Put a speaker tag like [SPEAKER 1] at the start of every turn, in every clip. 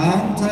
[SPEAKER 1] አንተ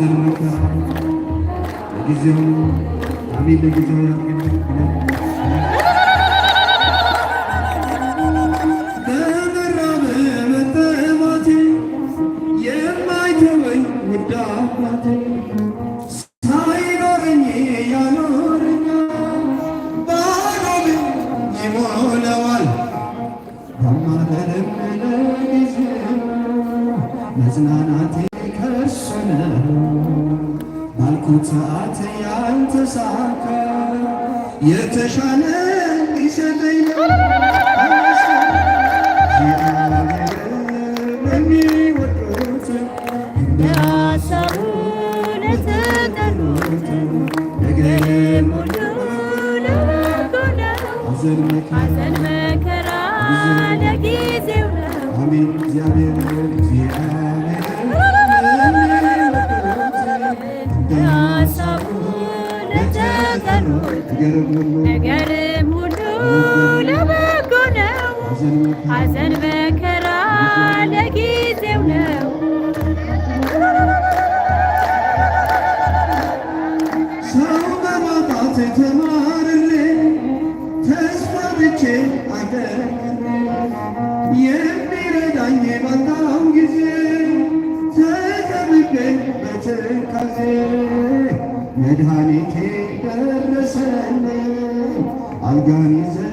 [SPEAKER 1] ለጊዜው መካ ለጊዜው አሜን ለጊዜው ያርግልን
[SPEAKER 2] መድኃኒቴ
[SPEAKER 1] ደረሰልኝ
[SPEAKER 2] አልጋን ይዘን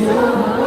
[SPEAKER 1] Lord.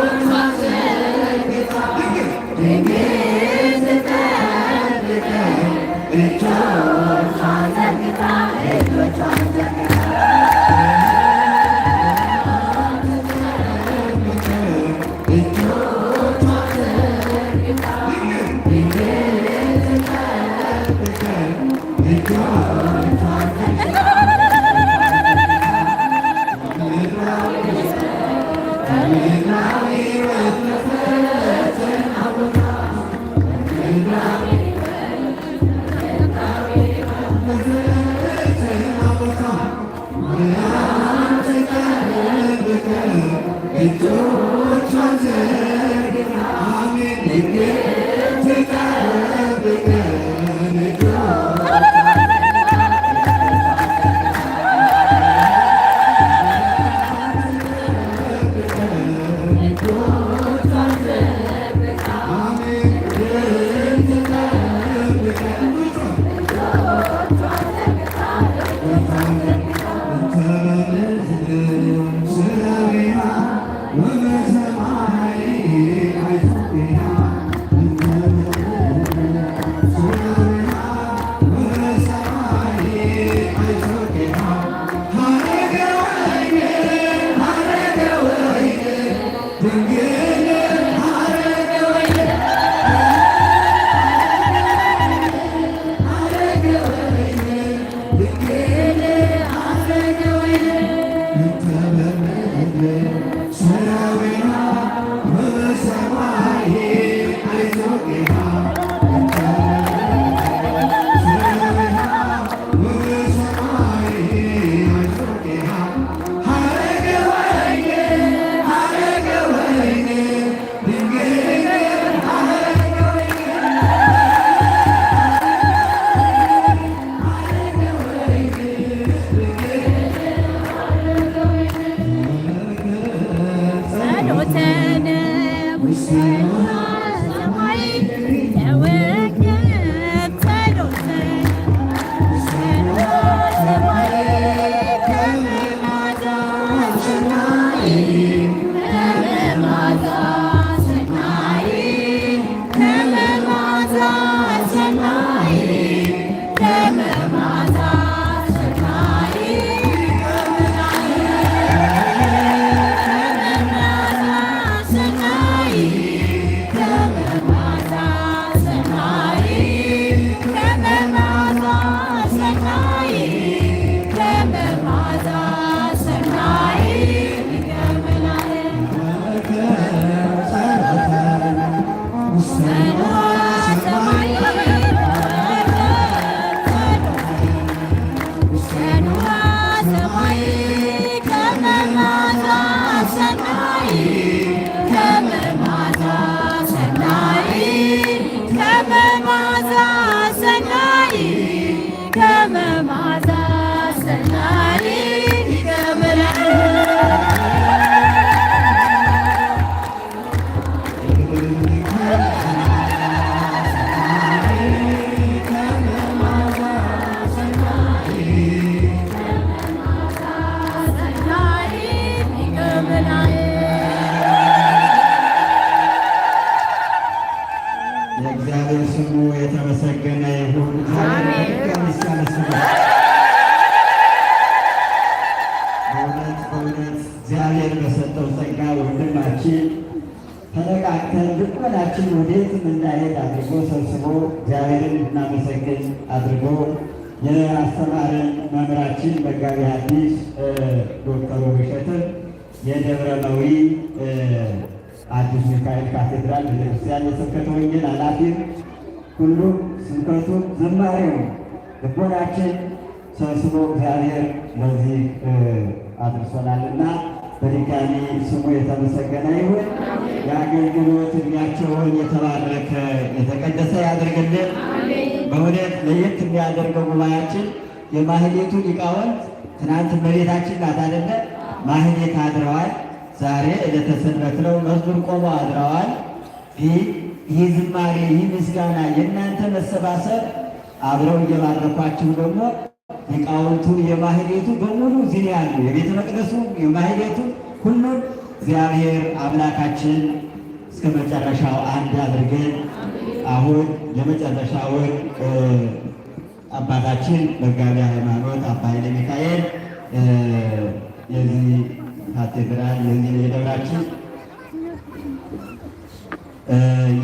[SPEAKER 1] Look at me.
[SPEAKER 2] የተቀደሰ ያደርግልን። በእውነት ለየት የሚያደርገው ጉባኤያችን የማህሌቱ ሊቃውንት ትናንት እመቤታችን ናት አይደለ? ማህሌት አድረዋል። ዛሬ ዕለተ ሰንበት ነው። መዝሙር ቆሞ አድረዋል። ይህ ዝማሬ፣ ይህ ምስጋና፣ የእናንተ መሰባሰብ አብረው እየባረኳችሁ ደግሞ ሊቃውንቱ የማህሌቱ በሙሉ እዚህ ያሉ የቤተ መቅደሱ የማህሌቱ ሁሉም እግዚአብሔር አምላካችን እስከ መጨረሻው አንድ አድርገን አሁን የመጨረሻውን አባታችን መጋቢ ሃይማኖት አባ ኃይለ ሚካኤል የዚህ ካቴድራል የዚህ የደብራችን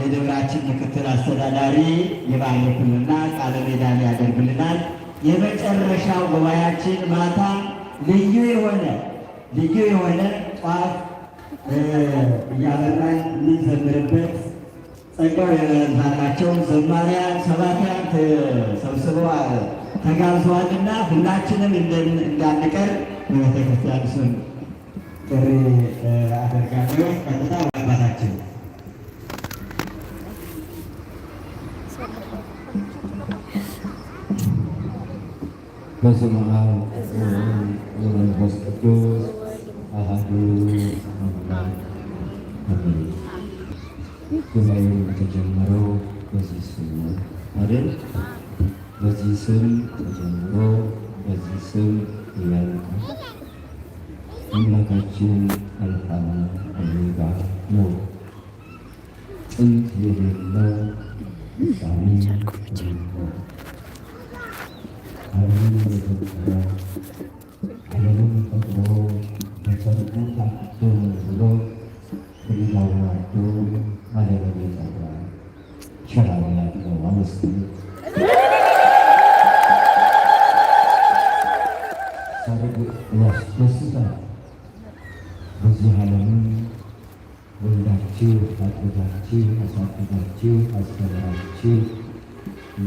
[SPEAKER 2] የደብራችን ምክትል አስተዳዳሪ የባለኩልና ቃለ ምዕዳን ያደርግልናል። የመጨረሻው ጉባኤያችን ማታ ልዩ የሆነ ልዩ የሆነ ጧፍ እያበራን የምንዘምርበት ጸጋው የመንፋታቸው ዘማሪያን ሰባኪያን ተሰብስበዋል ተጋብዘዋልና ሁላችንም እንዳንቀር በቤተ ክርስቲያን ስም ጥሪ አደርጋለሁ። ቀጥታ አባታችን
[SPEAKER 3] በስመ አብ ወመንፈስ ቅዱስ አሐዱ አምላክ አሜን። ጉባኤ የተጀመረው በዚህ ስም ነው አይደል? በዚህ ስም ተጀምሮ በዚህ ስም ያልቃል። አምላካችን አልፋና ኦሜጋ ነው። ጥንት
[SPEAKER 1] የሌለው ፍጻሜ የሌለው ዓለምን የፈጠረ ዓለምን ፈጥሮ በሰርጉ
[SPEAKER 3] ታፍቶ ብሎ ሌላው ወዶ ማለበል ጠራ ሸራበላ ነው አመስ ሳደግ ያስደስታል። በዚህ ዓለምን ወልዳችሁ አጥብታችሁ አሳድጋችሁ አስተምራችሁ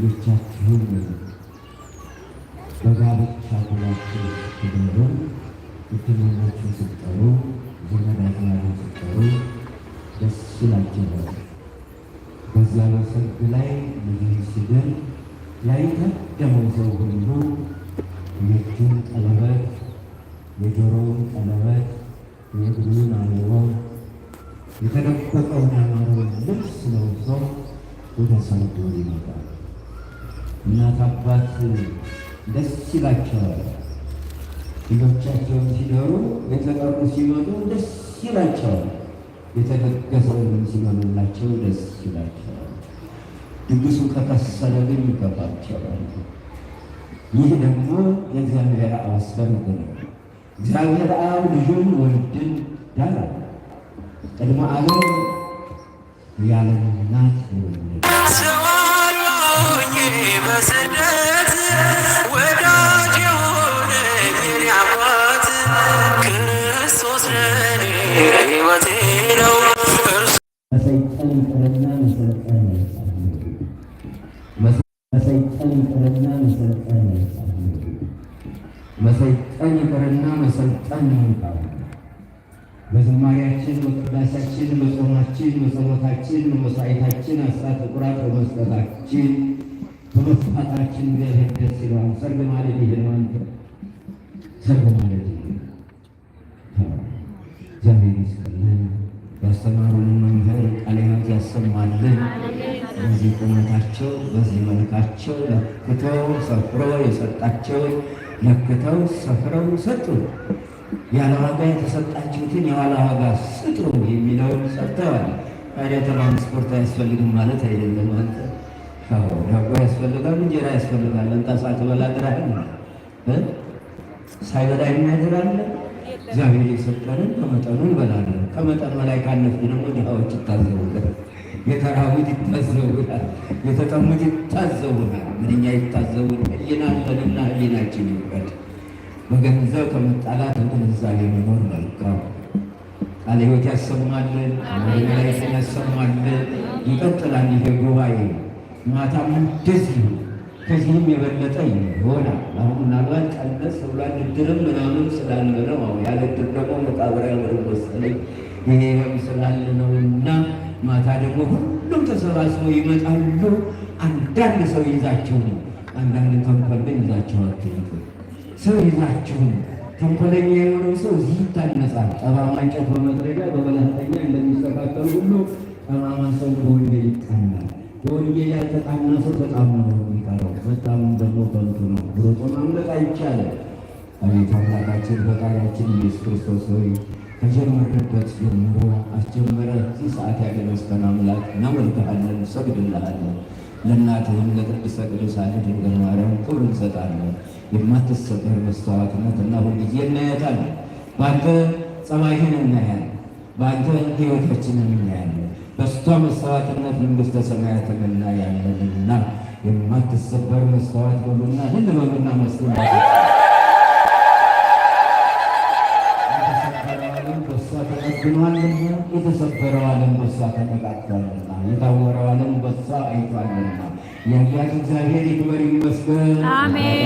[SPEAKER 3] ልጆቻችሁን በጋብቻ ብላችሁ ትደሩ እትናናችሁ ስትጠሩ ዘመዳትናችሁ ስትጠሩ ደስ ይላችሁ ነበር። በዚያ ሰርግ ላይ ልጅህ ሲድን ያይቀደመው ሰው ሁሉ የእጁን ቀለበት የጆሮውን ቀለበት የእግሩን አበባ የተደበቀውን ያማረውን ልብስ ለብሶ ወደ ሰርጉ ይመጣል። እናት አባት ደስ ይላቸዋል። ልጆቻቸውን ሲኖሩ የተቀሩ ሲመጡ ደስ ይላቸዋል። የተደገሰውንም ሲመኑላቸው ደስ ይላቸዋል። ድግሱ ከከሰለ ግን ይገባቸዋል። ይህ ደግሞ የእግዚአብሔር አስፈርግ ነው። እግዚአብሔር አብ ልጁን ወልድን ዳራ ቅድመ ዓለም ያለ እናት
[SPEAKER 1] ይወልድ ሕይወቴ ነው።
[SPEAKER 3] መሰልጠን ይቅርና መሰልጠን ይንቃል። በዝማሪያችን በቅዳሴያችን በጾማችን በጸሎታችን በመሥዋዕታችን አስራት ቁራት በመስጠታችን በመሥዋዕታችን እግዚአብሔር ደስ ይለዋል። ሰርግ ማለት ይህ ነው። ሰርግ ማለት እግዚአብሔር ይስጥልን። ያስተማሩን መምህር ቃለ ሕይወት ያሰማልን። በዚህ ቁመታቸው በዚህ መልካቸው ለክተው ሰፍረው የሰጣቸው ለክተው ሰፍረው ሰጡ። ያለ ዋጋ የተሰጣችሁትን የኋላ ዋጋ ስጡ የሚለውን ሰጥተዋል። ታዲያ ትራንስፖርት አያስፈልግም ማለት አይደለም። አንተ ዳቦ ያስፈልጋል፣ እንጀራ ያስፈልጋል። እንጣሳ ትበላ ድራህን ሳይበላ የሚያድር እግዚአብሔር የሰጠንን ከመጠኑ እንበላለን። ከመጠን በላይ ካለፉ ደግሞ ድሃዎች ይታዘቡናል፣ የተራቡት ይታዘቡናል፣ የተጠሙት ይታዘቡናል። ምንኛ ይታዘቡን ሕሊናለንና ሕሊናችን ይውቀድ። በገንዘብ ከመጣላት በግንዛቤ መኖር መልካም ቃለ ሕይወት ያሰማልን፣ መላይትን ያሰማልን። ይቀጥላል ይሄ ጉባኤ ማታም እንደዚህ ከዚህም የበለጠ ይሆናል። አሁን ምናልባት ቀነስ ብሏል። እድርም ምናምን ስላለ ነው። ያለ እድር ደግሞ መቃብሪያ ምርም ወሰለኝ ይሄም ስላለ ነው እና ማታ ደግሞ ሁሉም ተሰባስበው ይመጣሉ። አንዳንድ ሰው ይዛቸው ነው፣ አንዳንድ ተንኮል ይዛቸው ይዛችሁ አትሄዱ። ሰው ይዛቸው ነው። ተንኮለኛ የሆነው ሰው እዚህ ይታነጻል። ጠማማ እንጨት በመጥረጊያ በመላተኛ እንደሚስተካከሉ ሁሉ ጠማማ ሰው በወንጌል ይቃናል። በወንጌል ያልተቃና ሰው በጣም ነው የሚቀረው። በጣም ደግሞ በልጡ ነው ብሮጦ ማምለጥ አይቻልም። አቤት አምላካችን በቃላችን ኢየሱስ ክርስቶስ ሆይ ከጀመረበት ጀምሮ አስጀመረ። እዚህ ሰዓት ያደረስከን አምላክ እናመልክሃለን፣ ሰግድልሃለን። ለእናትህም ለቅድስተ ቅዱሳን ድንግል ማርያም ክብር እንሰጣለን። የማትሰበር መስተዋትነት እና ሁልጊዜ እናያታለን። በአንተ ጸባይህን እናያለን። በአንተ ሕይወታችንን እናያለን። በስቷ መስዋዕትነት መንግሥተ ሰማያትን እናያለንና የማትሰበር መስዋዕት በሉና ልንበሉና መስሉ ተመግኗልና የተሰበረው ዓለም በሷ ተነቃቅቷልና የታወረው ዓለም በሷ አይቷልና የአያት እግዚአብሔር ይክበር ይመስገን። አሜን።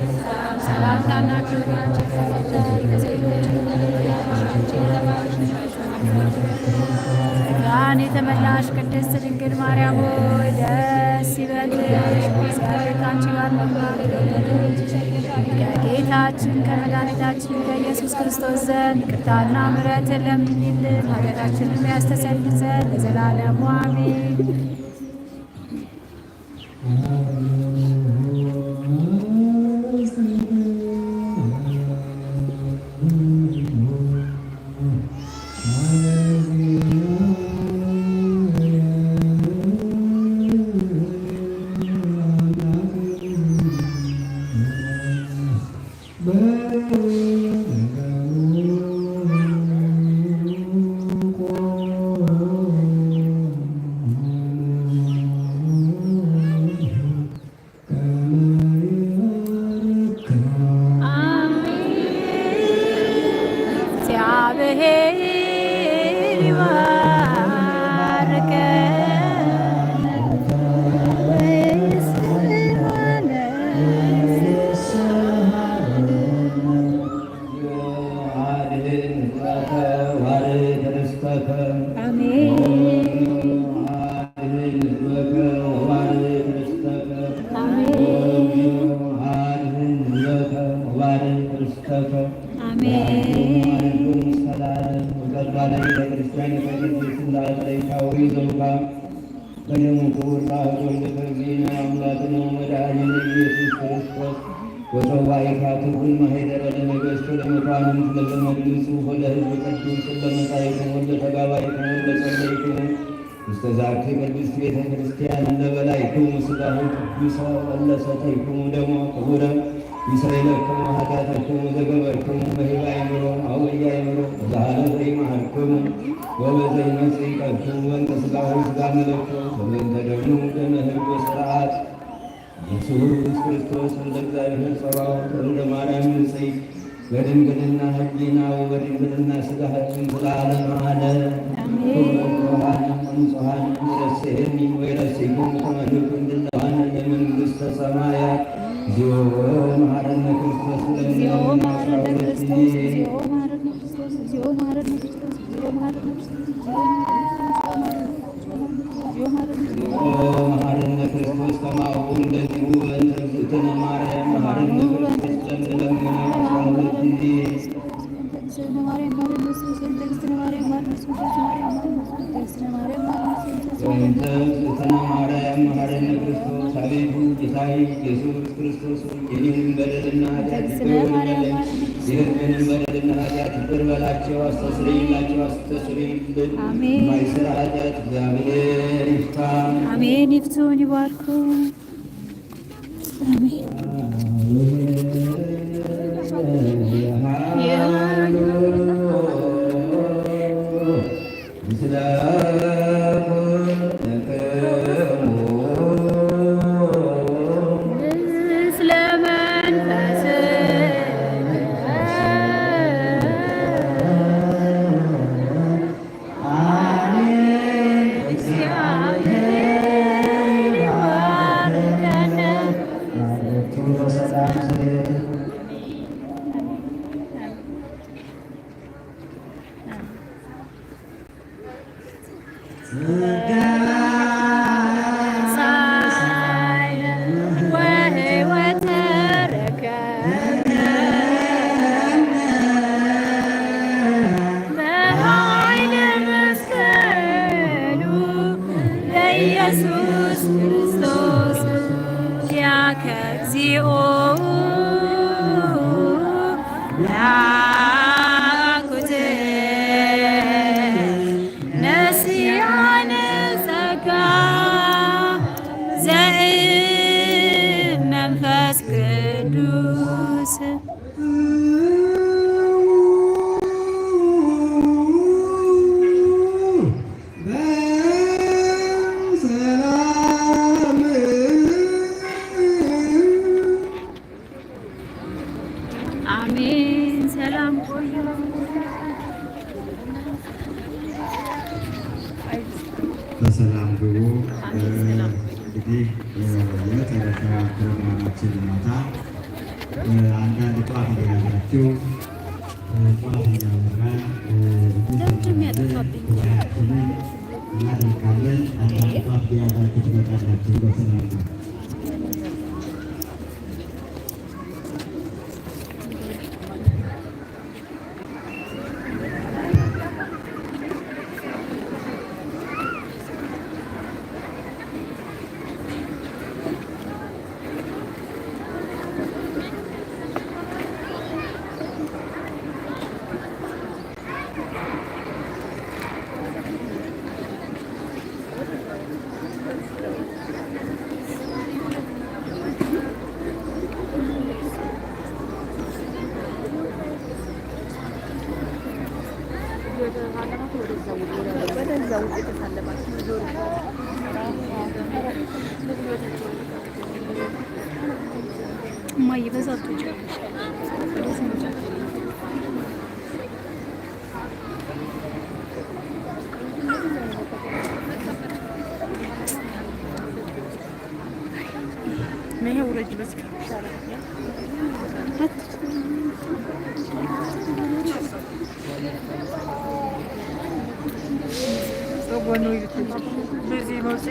[SPEAKER 4] ን የተመላሽ ቅድስት ድንግል ማርያም ሆይ ደስ ይበልሽ። ከቤታችን ከጌታችን ከመድኃኒታችን ከኢየሱስ ክርስቶስ ዘንድ ይቅርታና ምሕረትን ለምኝልን ኃጢአታችንን የሚያስተሰርይ ዘንድ ለዘላለሙ አሜን።
[SPEAKER 3] ኪዳነ ቤተ ክርስቲያን የጠቅላይ ስላሴ ጣይታዊ ዘውጋ በደሙ ክቡር በአሐዱ ወልድ በሕሊና አምላክነ መድኃኒነ ኢየሱስ ክርስቶስ ወሰባይካቱ ሁልማ ሄደረ ለነገሥቱ ለመኳንም ለዘመድ ንጹሕ ለሕዝብ ቅዱስ ለመጻኢክሙ ለተጋባኢክሙ ለጸለይክሙ ውስተ ዛቲ ቅድስት ቤተ ክርስቲያን እለ በላይክሙ ሥጋሁ ቅዱሰ ወለ ሰተይክሙ ደሙ ክቡረ ይስረይለክሙ ኃጢአተክሙ ዘገበርክሙ በሂበ አእምሮ አውያ አእምሮ ዛሃለ ዘይመሃርክሙ ወበዘይመጽእ ቀብክሙ በእንተ ሥጋሁ ሥጋ መለኮ በበእንተ ደሙ ደመ ሕግ ወሥርዓት ኢየሱስ ክርስቶስ እንደ እግዚአብሔር ጸባዖት እንደ ማርያም ንጽሕት በድንግልና ሕሊናው በድንግልና ሥጋችን ስለዓለም አለ ሮሃን ንጹሐን ይረሴህኒ ወይረሴኩም ተመልኩ እንድለዋን ለመንግሥተ ሰማያት እግዚኦ ማረነ ክርስቶስ ኃጢአታቸው አስተስሪ
[SPEAKER 2] ናቸው አስተስሪ ማይሰራ ኃጢአት እግዚአብሔር ይፍታ። አሜን።
[SPEAKER 4] ይፍቱን ይባርኩ። Neye uğrayacağız ki?
[SPEAKER 3] Buenas noches. Les dimos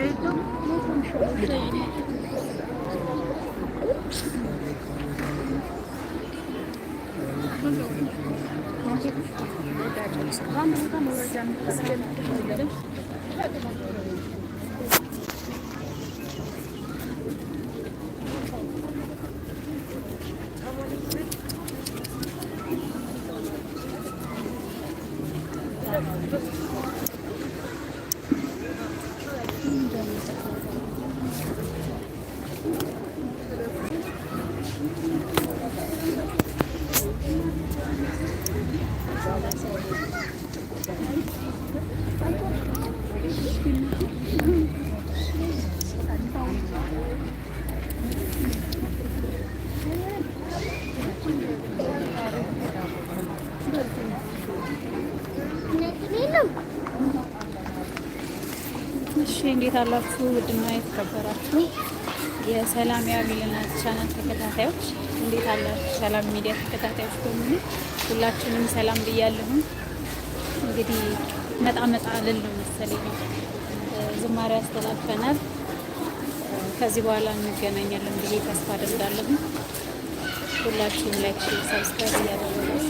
[SPEAKER 1] Tamam. Ben buradan uğrayacağım.
[SPEAKER 4] እንዴት አላችሁ? ውድና የተከበራችሁ የሰላም ያቢልና ቻናል ተከታታዮች እንዴት አላችሁ? ሰላም ሚዲያ ተከታታዮች በሙሉ ሁላችሁንም ሰላም ብያለሁም። እንግዲህ መጣ መጣ ልል ነው መሰለኝ ዝማሬ አስተላልፈናል። ከዚህ በኋላ እንገናኛለን ብዬ ተስፋ አደርጋለሁ። ሁላችሁም ላይክ፣ ሰብስክራይብ እያደረጋችሁ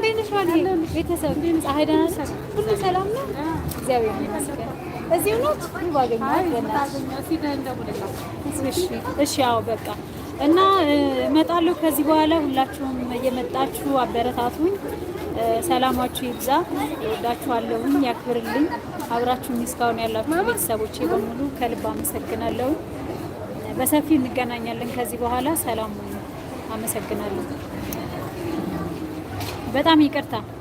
[SPEAKER 4] እንዴት ነሽ? ማለት ቤተሰብ ፀሐይ ደህና ነች? ሁሉ ሰላም ነው? እግዚአብሔር ይመስገን። በቃ እና እመጣለሁ ከዚህ በኋላ ሁላችሁም እየመጣችሁ አበረታቱኝ። ሰላማችሁ ይብዛ። እወዳችኋለሁኝ፣ ያክብርልኝ። አብራችሁኝ እስካሁን ያላችሁ ቤተሰቦቼ በሙሉ ከልብ አመሰግናለሁ። በሰፊ እንገናኛለን ከዚህ በኋላ ሰላም። አመሰግናለሁ። በጣም ይቅርታ